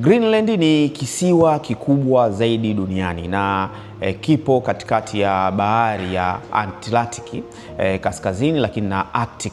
Greenland ni kisiwa kikubwa zaidi duniani na e, kipo katikati ya bahari ya Atlantic e, eh, kaskazini, lakini na Arctic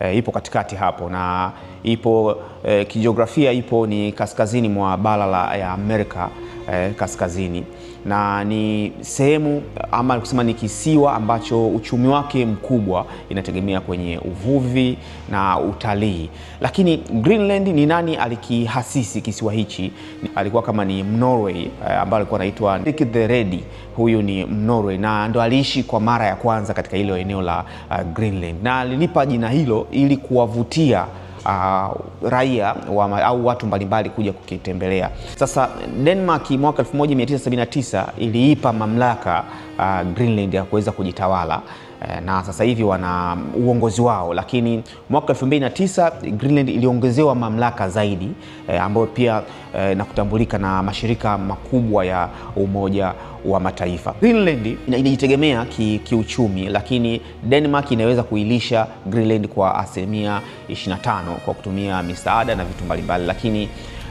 e, ipo katikati hapo na ipo e, kijiografia ipo ni kaskazini mwa bara la Amerika eh, kaskazini na ni sehemu ama kusema ni kisiwa ambacho uchumi wake mkubwa inategemea kwenye uvuvi na utalii. Lakini Greenland ni nani alikihasisi kisiwa hichi? Alikuwa kama ni Mnorway eh, ambaye alikuwa anaitwa Erik the Red. Huyu ni Mnorway na ndo aliishi kwa mara ya kwanza katika hilo eneo la uh, Greenland na alilipa jina hilo ili kuwavutia uh, raia wa, au watu mbalimbali kuja kukitembelea. Sasa Denmark mwaka 1979 iliipa mamlaka uh, Greenland ya kuweza kujitawala eh, na sasa hivi wana um, uongozi wao, lakini mwaka 2009 Greenland iliongezewa mamlaka zaidi e, ambayo pia e, eh, na kutambulika na mashirika makubwa ya Umoja wa Mataifa. Greenland inajitegemea ki, kiuchumi, lakini Denmark inaweza kuilisha Greenland kwa asilimia 25 kwa kutumia misaada na vitu mbalimbali, lakini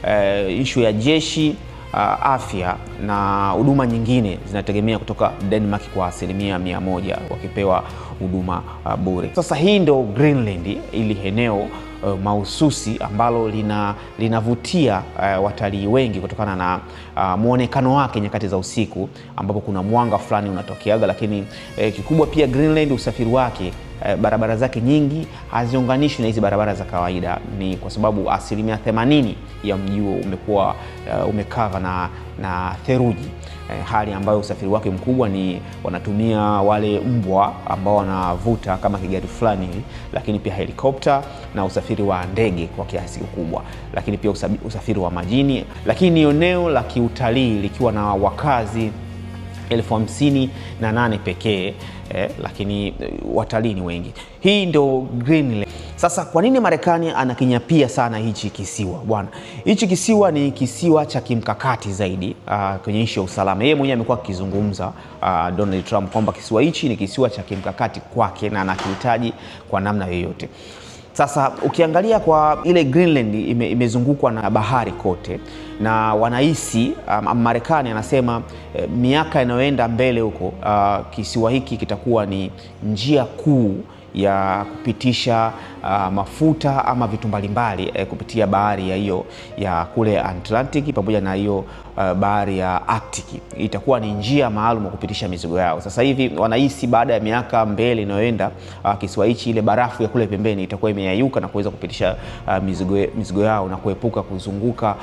e, ishu ya jeshi uh, afya na huduma nyingine zinategemea kutoka Denmark kwa asilimia mia moja wakipewa huduma uh, bure. Sasa hii ndo Greenland, ili eneo uh, mahususi ambalo lina linavutia uh, watalii wengi kutokana na uh, mwonekano wake nyakati za usiku ambapo kuna mwanga fulani unatokeaga, lakini uh, kikubwa pia Greenland usafiri wake Eh, barabara zake nyingi haziunganishwi na hizi barabara za kawaida. Ni kwa sababu asilimia 80 ya mji huo umekuwa uh, eh, umekava na, na theruji eh, hali ambayo usafiri wake mkubwa ni wanatumia wale mbwa ambao wanavuta kama kigari fulani hivi, lakini pia helikopta na usafiri wa ndege kwa kiasi kikubwa, lakini pia usafiri wa majini, lakini ni eneo la kiutalii likiwa na wakazi elfu hamsini na nane pekee eh, lakini eh, watalii ni wengi. Hii ndio Greenland. Sasa kwa nini Marekani anakinyapia sana hichi kisiwa bwana? Hichi kisiwa ni kisiwa cha kimkakati zaidi uh, kwenye ishi ya usalama. Yeye mwenyewe amekuwa akizungumza uh, Donald Trump kwamba kisiwa hichi ni kisiwa cha kimkakati kwake na anakihitaji kwa namna yoyote. Sasa ukiangalia kwa ile Greenland ime, imezungukwa na bahari kote na wanahisi um, Marekani anasema Eh, miaka inayoenda mbele huko uh, kisiwa hiki kitakuwa ni njia kuu ya kupitisha uh, mafuta ama vitu mbalimbali eh, kupitia bahari ya hiyo ya kule Atlantic pamoja na hiyo uh, bahari ya Arctic. Itakuwa ni njia maalum ya kupitisha mizigo yao. Sasa hivi wanahisi baada ya miaka mbele inayoenda uh, kisiwa hichi, ile barafu ya kule pembeni itakuwa imeyayuka na kuweza kupitisha uh, mizigo, mizigo yao na kuepuka kuzunguka